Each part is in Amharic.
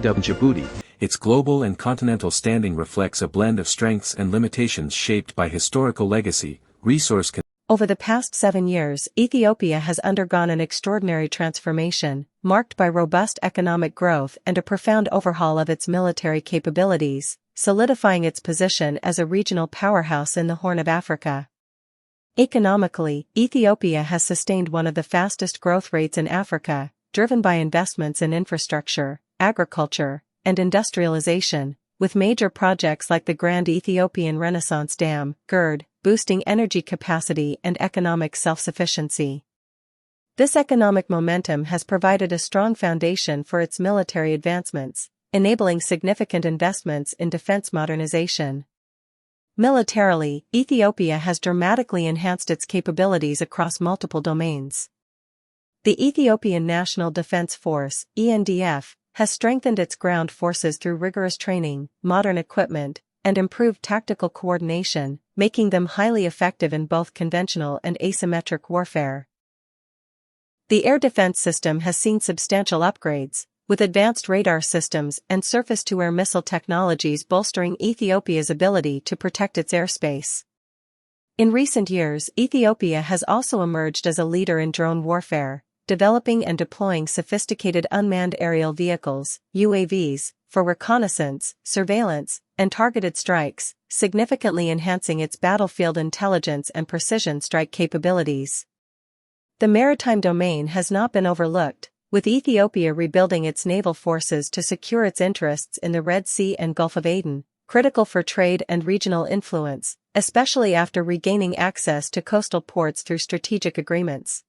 PW Djibouti, its global and continental standing reflects a blend of strengths and limitations shaped by historical legacy, resource over the past seven years, Ethiopia has undergone an extraordinary transformation, marked by robust economic growth and a profound overhaul of its military capabilities, solidifying its position as a regional powerhouse in the Horn of Africa. Economically, Ethiopia has sustained one of the fastest growth rates in Africa, driven by investments in infrastructure, agriculture, and industrialization, with major projects like the Grand Ethiopian Renaissance Dam, GERD, boosting energy capacity and economic self-sufficiency. This economic momentum has provided a strong foundation for its military advancements, enabling significant investments in defense modernization. Militarily, Ethiopia has dramatically enhanced its capabilities across multiple domains. The Ethiopian National Defense Force, ENDF, has strengthened its ground forces through rigorous training, modern equipment, and improved tactical coordination, making them highly effective in both conventional and asymmetric warfare. The air defense system has seen substantial upgrades, with advanced radar systems and surface-to-air missile technologies bolstering Ethiopia's ability to protect its airspace. In recent years, Ethiopia has also emerged as a leader in drone warfare, developing and deploying sophisticated unmanned aerial vehicles, UAVs, for reconnaissance, surveillance, and targeted strikes, significantly enhancing its battlefield intelligence and precision strike capabilities. The maritime domain has not been overlooked, with Ethiopia rebuilding its naval forces to secure its interests in the Red Sea and Gulf of Aden, critical for trade and regional influence, especially after regaining access to coastal ports through strategic agreements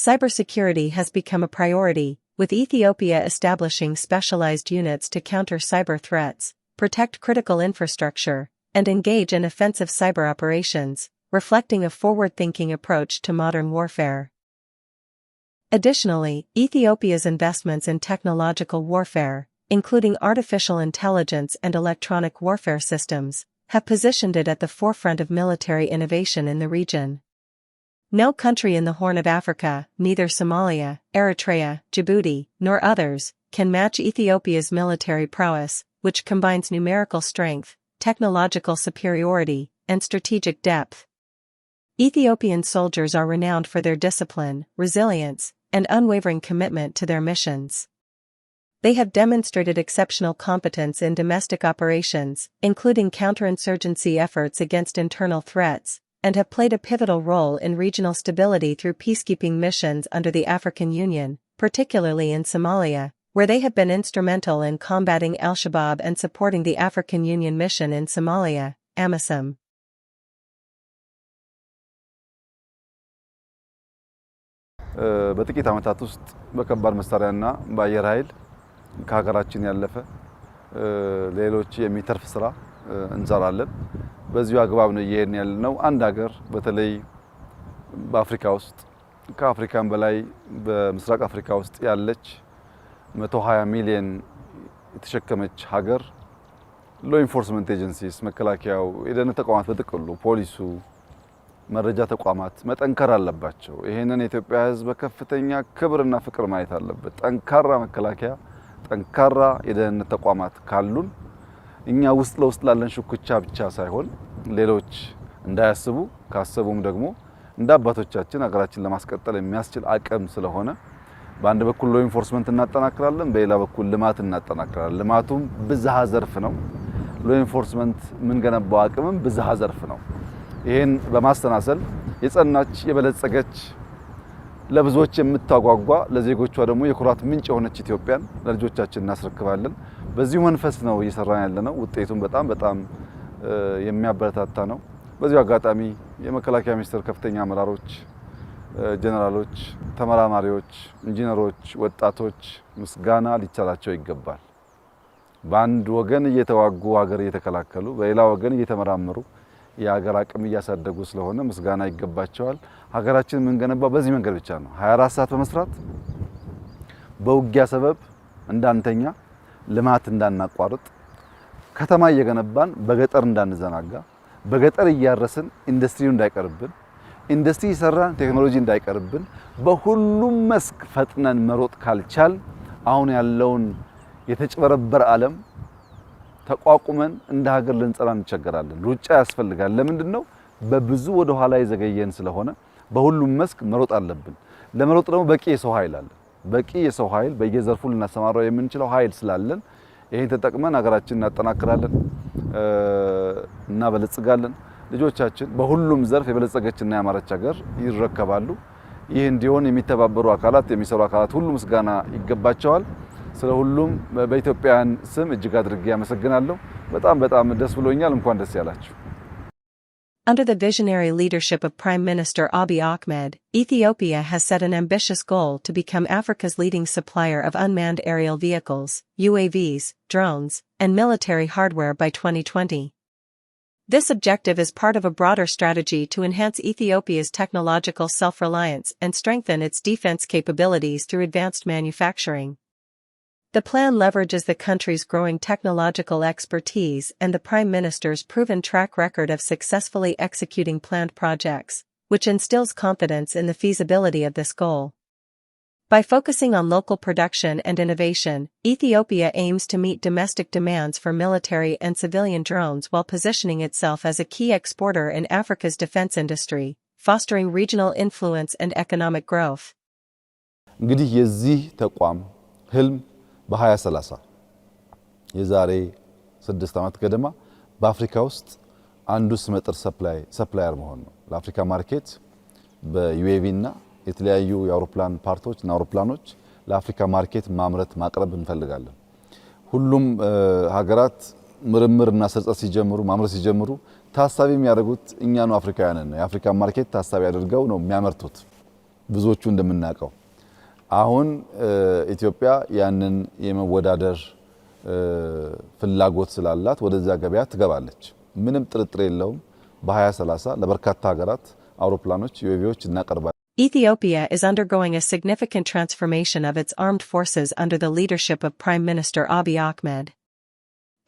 cybersecurity has become a priority, with Ethiopia establishing specialized units to counter cyber threats, protect critical infrastructure, and engage in offensive cyber operations, reflecting a forward-thinking approach to modern warfare. Additionally, Ethiopia's investments in technological warfare, including artificial intelligence and electronic warfare systems, have positioned it at the forefront of military innovation in the region. No country in the Horn of Africa, neither Somalia, Eritrea, Djibouti, nor others, can match Ethiopia's military prowess, which combines numerical strength, technological superiority, and strategic depth. Ethiopian soldiers are renowned for their discipline, resilience, and unwavering commitment to their missions. They have demonstrated exceptional competence in domestic operations, including counterinsurgency efforts against internal threats, and have played a pivotal role in regional stability through peacekeeping missions under the African Union, particularly in Somalia, where they have been instrumental in combating al-Shabaab and supporting the African Union mission in Somalia, AMISOM. Uh, በጥቂት ዓመታት ውስጥ በከባድ መሳሪያና በአየር ኃይል ከሀገራችን ያለፈ uh, ሌሎች የሚተርፍ ስራ እንሰራለን። በዚሁ አግባብ ነው እየሄድን ያለነው። አንድ ሀገር በተለይ በአፍሪካ ውስጥ ከአፍሪካም በላይ በምስራቅ አፍሪካ ውስጥ ያለች 120 ሚሊዮን የተሸከመች ሀገር ሎ ኢንፎርስመንት ኤጀንሲስ መከላከያው፣ የደህንነት ተቋማት በጥቅሉ ፖሊሱ፣ መረጃ ተቋማት መጠንከር አለባቸው። ይህንን የኢትዮጵያ ሕዝብ በከፍተኛ ክብርና ፍቅር ማየት አለበት። ጠንካራ መከላከያ፣ ጠንካራ የደህንነት ተቋማት ካሉን እኛ ውስጥ ለውስጥ ላለን ሹክቻ ብቻ ሳይሆን ሌሎች እንዳያስቡ ካሰቡም ደግሞ እንደ አባቶቻችን ሀገራችን ለማስቀጠል የሚያስችል አቅም ስለሆነ በአንድ በኩል ሎ ኢንፎርስመንት እናጠናክራለን፣ በሌላ በኩል ልማት እናጠናክራለን። ልማቱም ብዝሃ ዘርፍ ነው። ሎ ኢንፎርስመንት የምንገነባው አቅምም ብዝሃ ዘርፍ ነው። ይህን በማሰናሰል የጸናች የበለጸገች ለብዙዎች የምታጓጓ ለዜጎቿ ደግሞ የኩራት ምንጭ የሆነች ኢትዮጵያን ለልጆቻችን እናስረክባለን። በዚሁ መንፈስ ነው እየሰራን ያለ ነው። ውጤቱም በጣም በጣም የሚያበረታታ ነው። በዚሁ አጋጣሚ የመከላከያ ሚኒስቴር ከፍተኛ አመራሮች፣ ጀነራሎች፣ ተመራማሪዎች፣ ኢንጂነሮች፣ ወጣቶች ምስጋና ሊቻላቸው ይገባል። በአንድ ወገን እየተዋጉ ሀገር እየተከላከሉ በሌላ ወገን እየተመራመሩ የሀገር አቅም እያሳደጉ ስለሆነ ምስጋና ይገባቸዋል። ሀገራችን የምንገነባው በዚህ መንገድ ብቻ ነው። 24 ሰዓት በመስራት በውጊያ ሰበብ እንዳንተኛ ልማት እንዳናቋርጥ፣ ከተማ እየገነባን በገጠር እንዳንዘናጋ፣ በገጠር እያረስን ኢንዱስትሪው እንዳይቀርብን፣ ኢንዱስትሪ እየሰራን ቴክኖሎጂ እንዳይቀርብን፣ በሁሉም መስክ ፈጥነን መሮጥ ካልቻል አሁን ያለውን የተጭበረበረ ዓለም ተቋቁመን እንደ ሀገር ልንጸራ እንቸገራለን። ሩጫ ያስፈልጋል። ለምንድን ነው? በብዙ ወደ ኋላ የዘገየን ስለሆነ በሁሉም መስክ መሮጥ አለብን። ለመሮጥ ደግሞ በቂ የሰው ኃይል አለ። በቂ የሰው ኃይል በየዘርፉ ልናሰማራው የምንችለው ኃይል ስላለን ይህን ተጠቅመን ሀገራችን እናጠናክራለን፣ እናበለጽጋለን። ልጆቻችን በሁሉም ዘርፍ የበለጸገችና ያማረች ሀገር ይረከባሉ። ይህ እንዲሆን የሚተባበሩ አካላት፣ የሚሰሩ አካላት ሁሉ ምስጋና ይገባቸዋል። ስለ ሁሉም በኢትዮጵያውያን ስም እጅግ አድርጌ አመሰግናለሁ። በጣም በጣም ደስ ብሎኛል። እንኳን ደስ ያላችሁ። Under the visionary leadership of Prime Minister Abiy Ahmed, Ethiopia has set an ambitious goal to become Africa's leading supplier of unmanned aerial vehicles, UAVs, drones, and military hardware by 2020. This objective is part of a broader strategy to enhance Ethiopia's technological self-reliance and strengthen its defense capabilities through advanced manufacturing. The plan leverages the country's growing technological expertise and the Prime Minister's proven track record of successfully executing planned projects, which instills confidence in the feasibility of this goal. By focusing on local production and innovation, Ethiopia aims to meet domestic demands for military and civilian drones while positioning itself as a key exporter in Africa's defense industry, fostering regional influence and economic growth. እንግዲህ የዚህ ተቋም ህልም በ2030 የዛሬ ስድስት ዓመት ገደማ በአፍሪካ ውስጥ አንዱ ስመጥር ሰፕላየር መሆን ነው። ለአፍሪካ ማርኬት በዩኤቪ እና የተለያዩ የአውሮፕላን ፓርቶች እና አውሮፕላኖች ለአፍሪካ ማርኬት ማምረት ማቅረብ እንፈልጋለን። ሁሉም ሀገራት ምርምር እና ስርጸት ሲጀምሩ ማምረት ሲጀምሩ ታሳቢ የሚያደርጉት እኛኑ አፍሪካውያንን ነው። የአፍሪካ ማርኬት ታሳቢ አድርገው ነው የሚያመርቱት ብዙዎቹ እንደምናውቀው አሁን ኢትዮጵያ ያንን የመወዳደር ፍላጎት ስላላት ወደዚያ ገበያ ትገባለች። ምንም ጥርጥር የለውም። በ2030 ለበርካታ ሀገራት አውሮፕላኖች፣ ዩኤቪዎች እናቀርባለን። Ethiopia is undergoing a significant transformation of its armed forces under the leadership of Prime Minister Abiy Ahmed.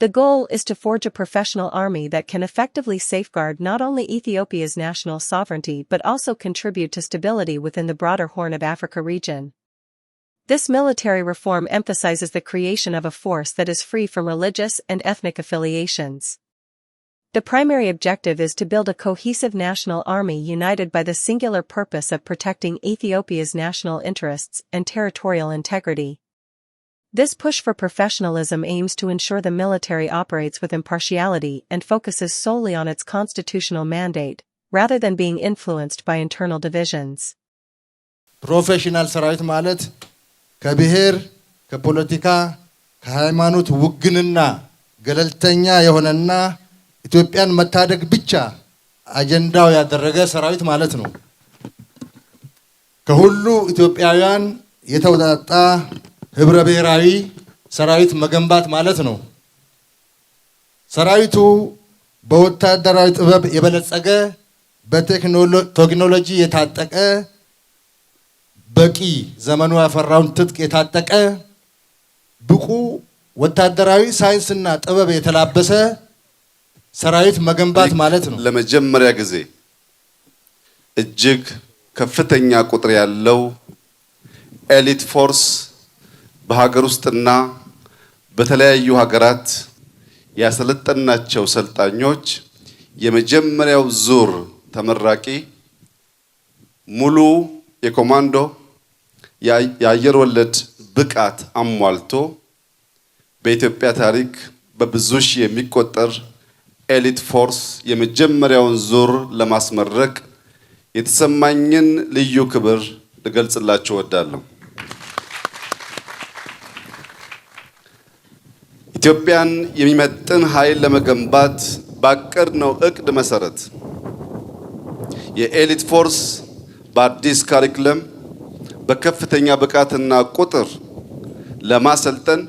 The goal is to forge a professional army that can effectively safeguard not only Ethiopia's national sovereignty but also contribute to stability within the broader Horn of Africa region. This military reform emphasizes the creation of a force that is free from religious and ethnic affiliations. The primary objective is to build a cohesive national army united by the singular purpose of protecting Ethiopia's national interests and territorial integrity. This push for professionalism aims to ensure the military operates with impartiality and focuses solely on its constitutional mandate, rather than being influenced by internal divisions. Professional ሰራዊት ማለት ከብሔር፣ ከፖለቲካ፣ ከሃይማኖት ውግንና ገለልተኛ የሆነና ኢትዮጵያን መታደግ ብቻ አጀንዳው ያደረገ ሰራዊት ማለት ነው። ከሁሉ ኢትዮጵያውያን የተውጣጣ ህብረ ብሔራዊ ሰራዊት መገንባት ማለት ነው። ሰራዊቱ በወታደራዊ ጥበብ የበለጸገ በቴክኖሎጂ የታጠቀ በቂ ዘመኑ ያፈራውን ትጥቅ የታጠቀ ብቁ ወታደራዊ ሳይንስና ጥበብ የተላበሰ ሰራዊት መገንባት ማለት ነው። ለመጀመሪያ ጊዜ እጅግ ከፍተኛ ቁጥር ያለው ኤሊት ፎርስ በሀገር ውስጥና በተለያዩ ሀገራት ያሰለጠናቸው ሰልጣኞች የመጀመሪያው ዙር ተመራቂ ሙሉ የኮማንዶ የአየር ወለድ ብቃት አሟልቶ በኢትዮጵያ ታሪክ በብዙ ሺህ የሚቆጠር ኤሊት ፎርስ የመጀመሪያውን ዙር ለማስመረቅ የተሰማኝን ልዩ ክብር ልገልጽላችሁ እወዳለሁ። ኢትዮጵያን የሚመጥን ኃይል ለመገንባት ባቀድነው እቅድ መሰረት የኤሊት ፎርስ በአዲስ ካሪክለም በከፍተኛ ብቃትና ቁጥር ለማሰልጠን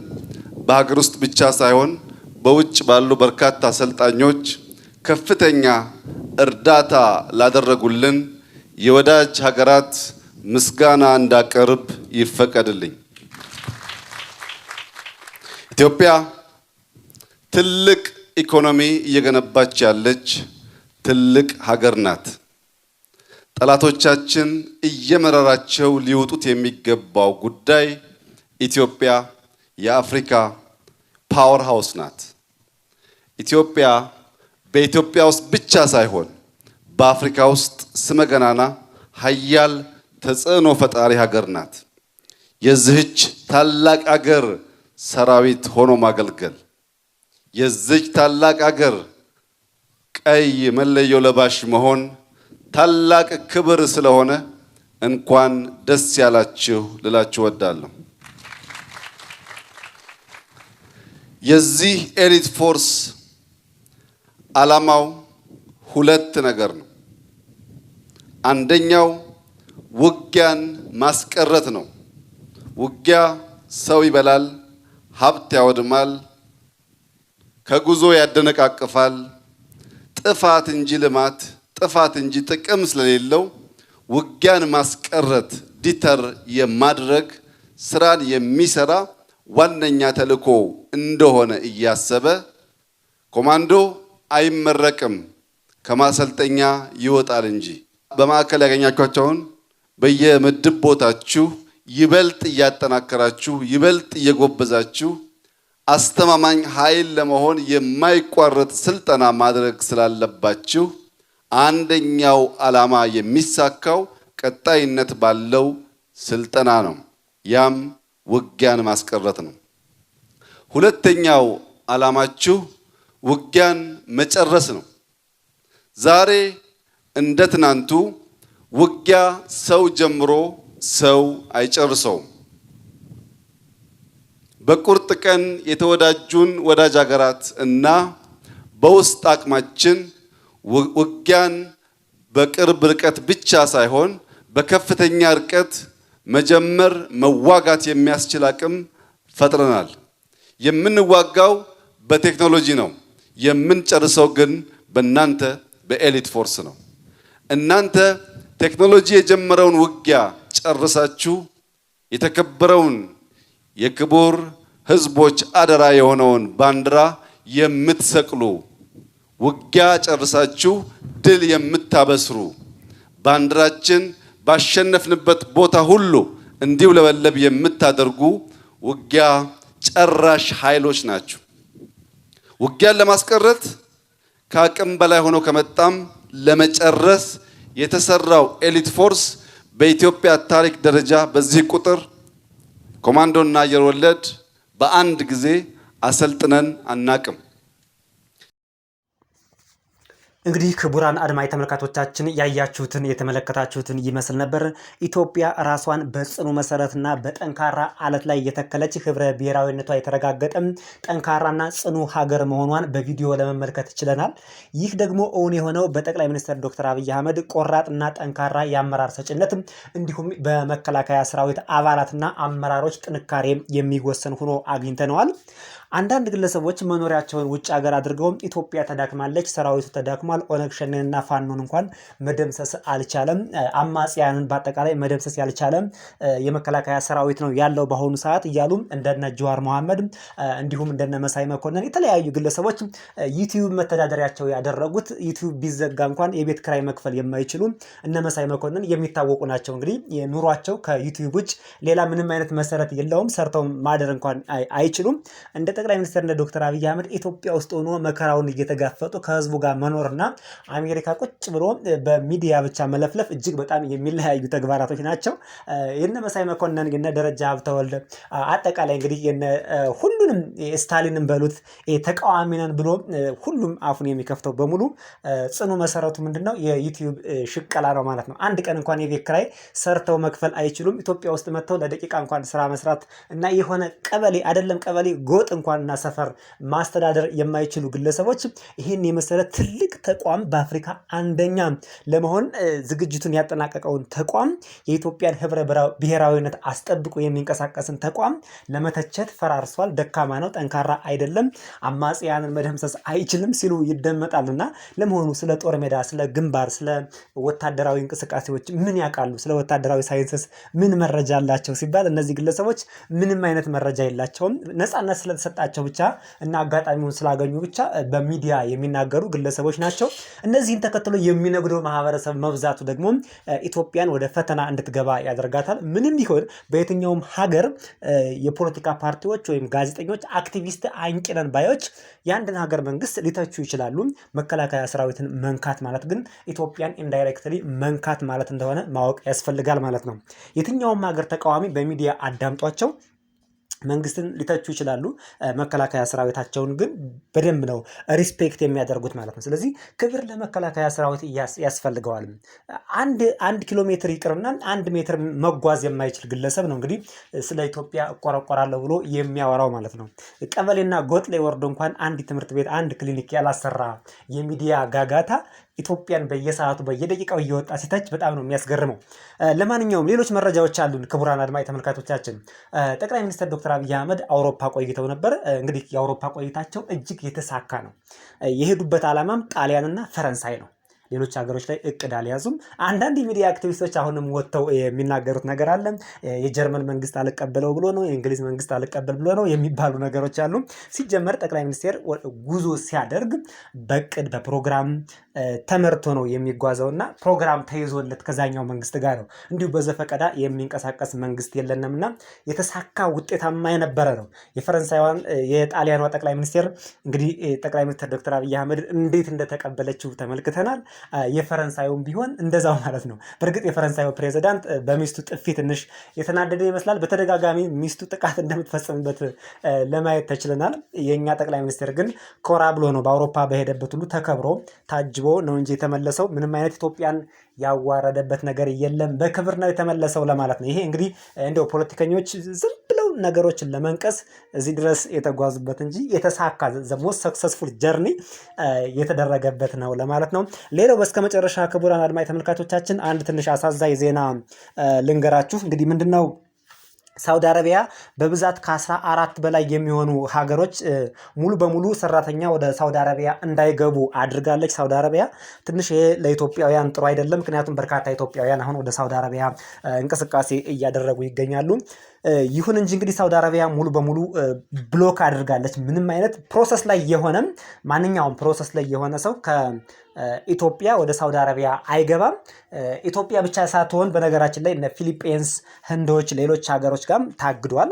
በሀገር ውስጥ ብቻ ሳይሆን በውጭ ባሉ በርካታ አሰልጣኞች ከፍተኛ እርዳታ ላደረጉልን የወዳጅ ሀገራት ምስጋና እንዳቀርብ ይፈቀድልኝ። ኢትዮጵያ ትልቅ ኢኮኖሚ እየገነባች ያለች ትልቅ ሀገር ናት። ጠላቶቻችን እየመረራቸው ሊወጡት የሚገባው ጉዳይ ኢትዮጵያ የአፍሪካ ፓወር ሃውስ ናት። ኢትዮጵያ በኢትዮጵያ ውስጥ ብቻ ሳይሆን በአፍሪካ ውስጥ ስመገናና ሀያል ተጽዕኖ ፈጣሪ ሀገር ናት። የዚህች ታላቅ አገር ሰራዊት ሆኖ ማገልገል የዚች ታላቅ አገር ቀይ መለዮ ለባሽ መሆን ታላቅ ክብር ስለሆነ እንኳን ደስ ያላችሁ ልላችሁ እወዳለሁ። የዚህ ኤሊት ፎርስ ዓላማው ሁለት ነገር ነው። አንደኛው ውጊያን ማስቀረት ነው። ውጊያ ሰው ይበላል፣ ሀብት ያወድማል፣ ከጉዞ ያደነቃቅፋል። ጥፋት እንጂ ልማት ጥፋት እንጂ ጥቅም ስለሌለው ውጊያን ማስቀረት ዲተር የማድረግ ስራን የሚሰራ ዋነኛ ተልእኮ እንደሆነ እያሰበ ኮማንዶ አይመረቅም ከማሰልጠኛ ይወጣል እንጂ። በማዕከል ያገኛችኋቸውን በየምድብ ቦታችሁ ይበልጥ እያጠናከራችሁ ይበልጥ እየጎበዛችሁ አስተማማኝ ኃይል ለመሆን የማይቋረጥ ስልጠና ማድረግ ስላለባችሁ አንደኛው ዓላማ የሚሳካው ቀጣይነት ባለው ስልጠና ነው። ያም ውጊያን ማስቀረት ነው። ሁለተኛው ዓላማችሁ ውጊያን መጨረስ ነው። ዛሬ እንደ ትናንቱ ውጊያ ሰው ጀምሮ ሰው አይጨርሰውም። በቁርጥ ቀን የተወዳጁን ወዳጅ ሀገራት እና በውስጥ አቅማችን ውጊያን በቅርብ ርቀት ብቻ ሳይሆን በከፍተኛ ርቀት መጀመር መዋጋት የሚያስችል አቅም ፈጥረናል። የምንዋጋው በቴክኖሎጂ ነው። የምንጨርሰው ግን በእናንተ በኤሊት ፎርስ ነው። እናንተ ቴክኖሎጂ የጀመረውን ውጊያ ጨርሳችሁ የተከበረውን የክቡር ሕዝቦች አደራ የሆነውን ባንዲራ የምትሰቅሉ ውጊያ ጨርሳችሁ ድል የምታበስሩ ባንዲራችን ባሸነፍንበት ቦታ ሁሉ እንዲውለበለብ የምታደርጉ ውጊያ ጨራሽ ኃይሎች ናችሁ። ውጊያን ለማስቀረት ከአቅም በላይ ሆኖ ከመጣም ለመጨረስ የተሰራው ኤሊት ፎርስ በኢትዮጵያ ታሪክ ደረጃ በዚህ ቁጥር ኮማንዶና አየር ወለድ በአንድ ጊዜ አሰልጥነን አናቅም። እንግዲህ ክቡራን አድማጭ ተመልካቾቻችን ያያችሁትን የተመለከታችሁትን ይመስል ነበር። ኢትዮጵያ ራሷን በጽኑ መሰረትና በጠንካራ አለት ላይ የተከለች ህብረ ብሔራዊነቷ የተረጋገጠም ጠንካራና ጽኑ ሀገር መሆኗን በቪዲዮ ለመመልከት ችለናል። ይህ ደግሞ እውን የሆነው በጠቅላይ ሚኒስትር ዶክተር አብይ አህመድ ቆራጥና ጠንካራ የአመራር ሰጭነት እንዲሁም በመከላከያ ሰራዊት አባላትና አመራሮች ጥንካሬ የሚወሰን ሆኖ አግኝተነዋል። አንዳንድ ግለሰቦች መኖሪያቸውን ውጭ ሀገር አድርገውም ኢትዮጵያ ተዳክማለች፣ ሰራዊቱ ተዳክሟል፣ ኦነግ ሸኔንና ፋኖን እንኳን መደምሰስ አልቻለም፣ አማጽያንን በአጠቃላይ መደምሰስ ያልቻለም የመከላከያ ሰራዊት ነው ያለው በአሁኑ ሰዓት እያሉም እንደነ ጀዋር መሐመድ እንዲሁም እንደነ መሳይ መኮንን የተለያዩ ግለሰቦች ዩቲዩብ መተዳደሪያቸው ያደረጉት ዩቲዩብ ቢዘጋ እንኳን የቤት ክራይ መክፈል የማይችሉ እነ መሳይ መኮንን የሚታወቁ ናቸው። እንግዲህ ኑሯቸው ከዩቲዩብ ውጭ ሌላ ምንም አይነት መሰረት የለውም። ሰርተው ማደር እንኳን አይችሉም እንደ ጠቅላይ ሚኒስትር እንደ ዶክተር አብይ አህመድ ኢትዮጵያ ውስጥ ሆኖ መከራውን እየተጋፈጡ ከህዝቡ ጋር መኖርና አሜሪካ ቁጭ ብሎ በሚዲያ ብቻ መለፍለፍ እጅግ በጣም የሚለያዩ ተግባራቶች ናቸው። የነ መሳይ መኮንን የነ ደረጃ ሀብተወልድ አጠቃላይ እንግዲህ የነ ሁሉንም ስታሊንን በሉት ተቃዋሚ ነን ብሎ ሁሉም አፉን የሚከፍተው በሙሉ ጽኑ መሰረቱ ምንድን ነው? የዩቲዩብ ሽቀላ ነው ማለት ነው። አንድ ቀን እንኳን የቤት ኪራይ ሰርተው መክፈል አይችሉም። ኢትዮጵያ ውስጥ መጥተው ለደቂቃ እንኳን ስራ መስራት እና የሆነ ቀበሌ አይደለም ቀበሌ ጎጥ እንኳን እንኳንና ሰፈር ማስተዳደር የማይችሉ ግለሰቦች ይህን የመሰለ ትልቅ ተቋም በአፍሪካ አንደኛ ለመሆን ዝግጅቱን ያጠናቀቀውን ተቋም የኢትዮጵያን ህብረ ብሔራዊነት አስጠብቆ የሚንቀሳቀስን ተቋም ለመተቸት ፈራርሷል፣ ደካማ ነው፣ ጠንካራ አይደለም፣ አማጽያንን መደምሰስ አይችልም ሲሉ ይደመጣልና ለመሆኑ ስለ ጦር ሜዳ፣ ስለ ግንባር፣ ስለ ወታደራዊ እንቅስቃሴዎች ምን ያውቃሉ? ስለ ወታደራዊ ሳይንስስ ምን መረጃ አላቸው ሲባል እነዚህ ግለሰቦች ምንም አይነት መረጃ የላቸውም። ነጻነት ስለተሰጣ ስለተሰጣቸው ብቻ እና አጋጣሚውን ስላገኙ ብቻ በሚዲያ የሚናገሩ ግለሰቦች ናቸው። እነዚህን ተከትሎ የሚነግደው ማህበረሰብ መብዛቱ ደግሞ ኢትዮጵያን ወደ ፈተና እንድትገባ ያደርጋታል። ምንም ይሆን በየትኛውም ሀገር የፖለቲካ ፓርቲዎች ወይም ጋዜጠኞች፣ አክቲቪስት፣ አንቂነን ባዮች የአንድን ሀገር መንግስት ሊተቹ ይችላሉ። መከላከያ ሰራዊትን መንካት ማለት ግን ኢትዮጵያን ኢንዳይሬክትሊ መንካት ማለት እንደሆነ ማወቅ ያስፈልጋል ማለት ነው። የትኛውም ሀገር ተቃዋሚ በሚዲያ አዳምጧቸው መንግስትን ሊተቹ ይችላሉ። መከላከያ ሰራዊታቸውን ግን በደንብ ነው ሪስፔክት የሚያደርጉት ማለት ነው። ስለዚህ ክብር ለመከላከያ ሰራዊት ያስፈልገዋል። አንድ አንድ ኪሎ ሜትር ይቅርና አንድ ሜትር መጓዝ የማይችል ግለሰብ ነው እንግዲህ ስለ ኢትዮጵያ እቆረቆራለሁ ብሎ የሚያወራው ማለት ነው። ቀበሌና ጎጥ ላይ ወርዶ እንኳን አንድ ትምህርት ቤት፣ አንድ ክሊኒክ ያላሰራ የሚዲያ ጋጋታ ኢትዮጵያን በየሰዓቱ በየደቂቃው እየወጣ ሲተች በጣም ነው የሚያስገርመው። ለማንኛውም ሌሎች መረጃዎች አሉን። ክቡራን አድማጭ ተመልካቾቻችን ጠቅላይ ሚኒስትር ዶክተር አብይ አህመድ አውሮፓ ቆይተው ነበር። እንግዲህ የአውሮፓ ቆይታቸው እጅግ የተሳካ ነው። የሄዱበት ዓላማም ጣሊያንና ፈረንሳይ ነው። ሌሎች ሀገሮች ላይ እቅድ አልያዙም። አንዳንድ የሚዲያ አክቲቪስቶች አሁንም ወጥተው የሚናገሩት ነገር አለ። የጀርመን መንግስት አልቀበለው ብሎ ነው፣ የእንግሊዝ መንግስት አልቀበል ብሎ ነው የሚባሉ ነገሮች አሉ። ሲጀመር ጠቅላይ ሚኒስቴር ጉዞ ሲያደርግ በቅድ በፕሮግራም ተመርቶ ነው የሚጓዘው እና ፕሮግራም ተይዞለት ከዛኛው መንግስት ጋር ነው። እንዲሁ በዘፈቀዳ የሚንቀሳቀስ መንግስት የለንም እና የተሳካ ውጤታማ የነበረ ነው። የፈረንሳይዋን የጣሊያኗ ጠቅላይ ሚኒስቴር እንግዲህ ጠቅላይ ሚኒስትር ዶክተር አብይ አህመድ እንዴት እንደተቀበለችው ተመልክተናል። የፈረንሳዩም ቢሆን እንደዛው ማለት ነው። በእርግጥ የፈረንሳዩ ፕሬዚዳንት በሚስቱ ጥፊ ትንሽ የተናደደ ይመስላል። በተደጋጋሚ ሚስቱ ጥቃት እንደምትፈጽምበት ለማየት ተችለናል። የእኛ ጠቅላይ ሚኒስቴር ግን ኮራ ብሎ ነው በአውሮፓ በሄደበት ሁሉ ተከብሮ ታጅ ሰብስቦ ነው እንጂ የተመለሰው ምንም አይነት ኢትዮጵያን ያዋረደበት ነገር የለም። በክብር ነው የተመለሰው ለማለት ነው። ይሄ እንግዲህ እንደው ፖለቲከኞች ዝም ብለው ነገሮችን ለመንቀስ እዚህ ድረስ የተጓዙበት እንጂ የተሳካ ዘሞስ ሰክሰስፉል ጀርኒ የተደረገበት ነው ለማለት ነው። ሌላው በስከ መጨረሻ ክቡራን አድማጭ ተመልካቾቻችን አንድ ትንሽ አሳዛኝ ዜና ልንገራችሁ። እንግዲህ ምንድን ነው ሳውዲ አረቢያ በብዛት ከአስራ አራት በላይ የሚሆኑ ሀገሮች ሙሉ በሙሉ ሰራተኛ ወደ ሳውዲ አረቢያ እንዳይገቡ አድርጋለች። ሳውዲ አረቢያ ትንሽ ይሄ ለኢትዮጵያውያን ጥሩ አይደለም። ምክንያቱም በርካታ ኢትዮጵያውያን አሁን ወደ ሳውዲ አረቢያ እንቅስቃሴ እያደረጉ ይገኛሉ። ይሁን እንጂ እንግዲህ ሳውዲ አረቢያ ሙሉ በሙሉ ብሎክ አድርጋለች። ምንም አይነት ፕሮሰስ ላይ የሆነም ማንኛውም ፕሮሰስ ላይ የሆነ ሰው ከኢትዮጵያ ወደ ሳውዲ አረቢያ አይገባም። ኢትዮጵያ ብቻ ሳትሆን በነገራችን ላይ እነ ፊሊፒንስ፣ ህንዶች፣ ሌሎች ሀገሮች ጋርም ታግዷል።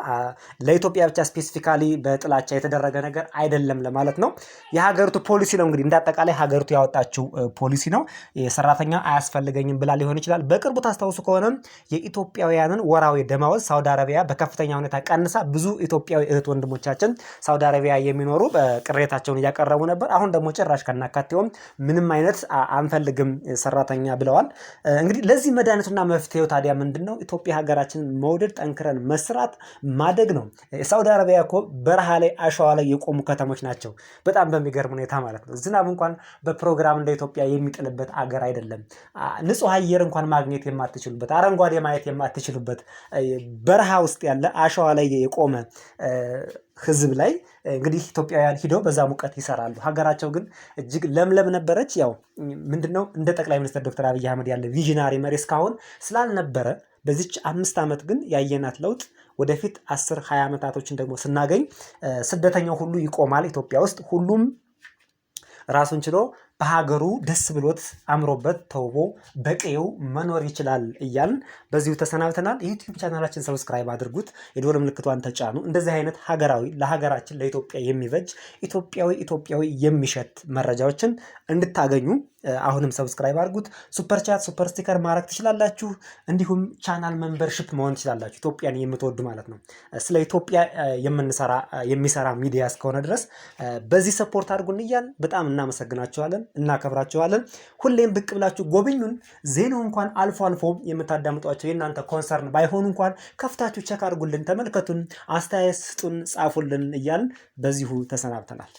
ለኢትዮጵያ ብቻ ስፔሲፊካሊ በጥላቻ የተደረገ ነገር አይደለም ለማለት ነው። የሀገሪቱ ፖሊሲ ነው እንግዲህ እንዳጠቃላይ ሀገሪቱ ያወጣችው ፖሊሲ ነው። ሰራተኛ አያስፈልገኝም ብላ ሊሆን ይችላል። በቅርቡ ታስታውሱ ከሆነም የኢትዮጵያውያንን ወራዊ ደማወዝ ሳውዲ አረቢያ ኢትዮጵያ በከፍተኛ ሁኔታ ቀንሳ ብዙ ኢትዮጵያዊ እህት ወንድሞቻችን ሳውዲ አረቢያ የሚኖሩ ቅሬታቸውን እያቀረቡ ነበር። አሁን ደግሞ ጭራሽ ከናካቴውም ምንም አይነት አንፈልግም ሰራተኛ ብለዋል። እንግዲህ ለዚህ መድኃኒቱና መፍትሄው ታዲያ ምንድን ነው? ኢትዮጵያ ሀገራችን መውደድ፣ ጠንክረን መስራት፣ ማደግ ነው። ሳውዲ አረቢያ እኮ በረሃ ላይ አሸዋ ላይ የቆሙ ከተሞች ናቸው። በጣም በሚገርም ሁኔታ ማለት ነው። ዝናብ እንኳን በፕሮግራም እንደ ኢትዮጵያ የሚጥልበት አገር አይደለም። ንጹህ አየር እንኳን ማግኘት የማትችሉበት፣ አረንጓዴ ማየት የማትችሉበት በረሃ ውስጥ ያለ አሸዋ ላይ የቆመ ህዝብ ላይ እንግዲህ ኢትዮጵያውያን ሂደው በዛ ሙቀት ይሰራሉ። ሀገራቸው ግን እጅግ ለምለም ነበረች። ያው ምንድነው እንደ ጠቅላይ ሚኒስትር ዶክተር አብይ አህመድ ያለ ቪዥናሪ መሪ እስካሁን ስላልነበረ በዚች አምስት ዓመት ግን ያየናት ለውጥ ወደፊት አስር ሀያ ዓመታቶችን ደግሞ ስናገኝ ስደተኛው ሁሉ ይቆማል። ኢትዮጵያ ውስጥ ሁሉም ራሱን ችሎ በሀገሩ ደስ ብሎት አምሮበት ተውቦ በቀየው መኖር ይችላል እያልን በዚሁ ተሰናብተናል። የዩቲዩብ ቻናላችን ሰብስክራይብ አድርጉት፣ የደወል ምልክቷን ተጫኑ። እንደዚህ አይነት ሀገራዊ ለሀገራችን ለኢትዮጵያ የሚበጅ ኢትዮጵያዊ ኢትዮጵያዊ የሚሸት መረጃዎችን እንድታገኙ አሁንም ሰብስክራይብ አድርጉት። ሱፐር ቻት፣ ሱፐር ስቲከር ማድረግ ትችላላችሁ። እንዲሁም ቻናል ሜምበርሺፕ መሆን ትችላላችሁ። ኢትዮጵያን የምትወዱ ማለት ነው። ስለ ኢትዮጵያ የምንሰራ የሚሰራ ሚዲያ እስከሆነ ድረስ በዚህ ሰፖርት አድርጉን እያል በጣም እናመሰግናቸዋለን፣ እናከብራቸዋለን። ሁሌም ብቅ ብላችሁ ጎብኙን። ዜና እንኳን አልፎ አልፎ የምታዳምጧቸው የእናንተ ኮንሰርን ባይሆኑ እንኳን ከፍታችሁ ቸክ አድርጉልን፣ ተመልከቱን፣ አስተያየት ስጡን፣ ጻፉልን እያልን በዚሁ ተሰናብተናል።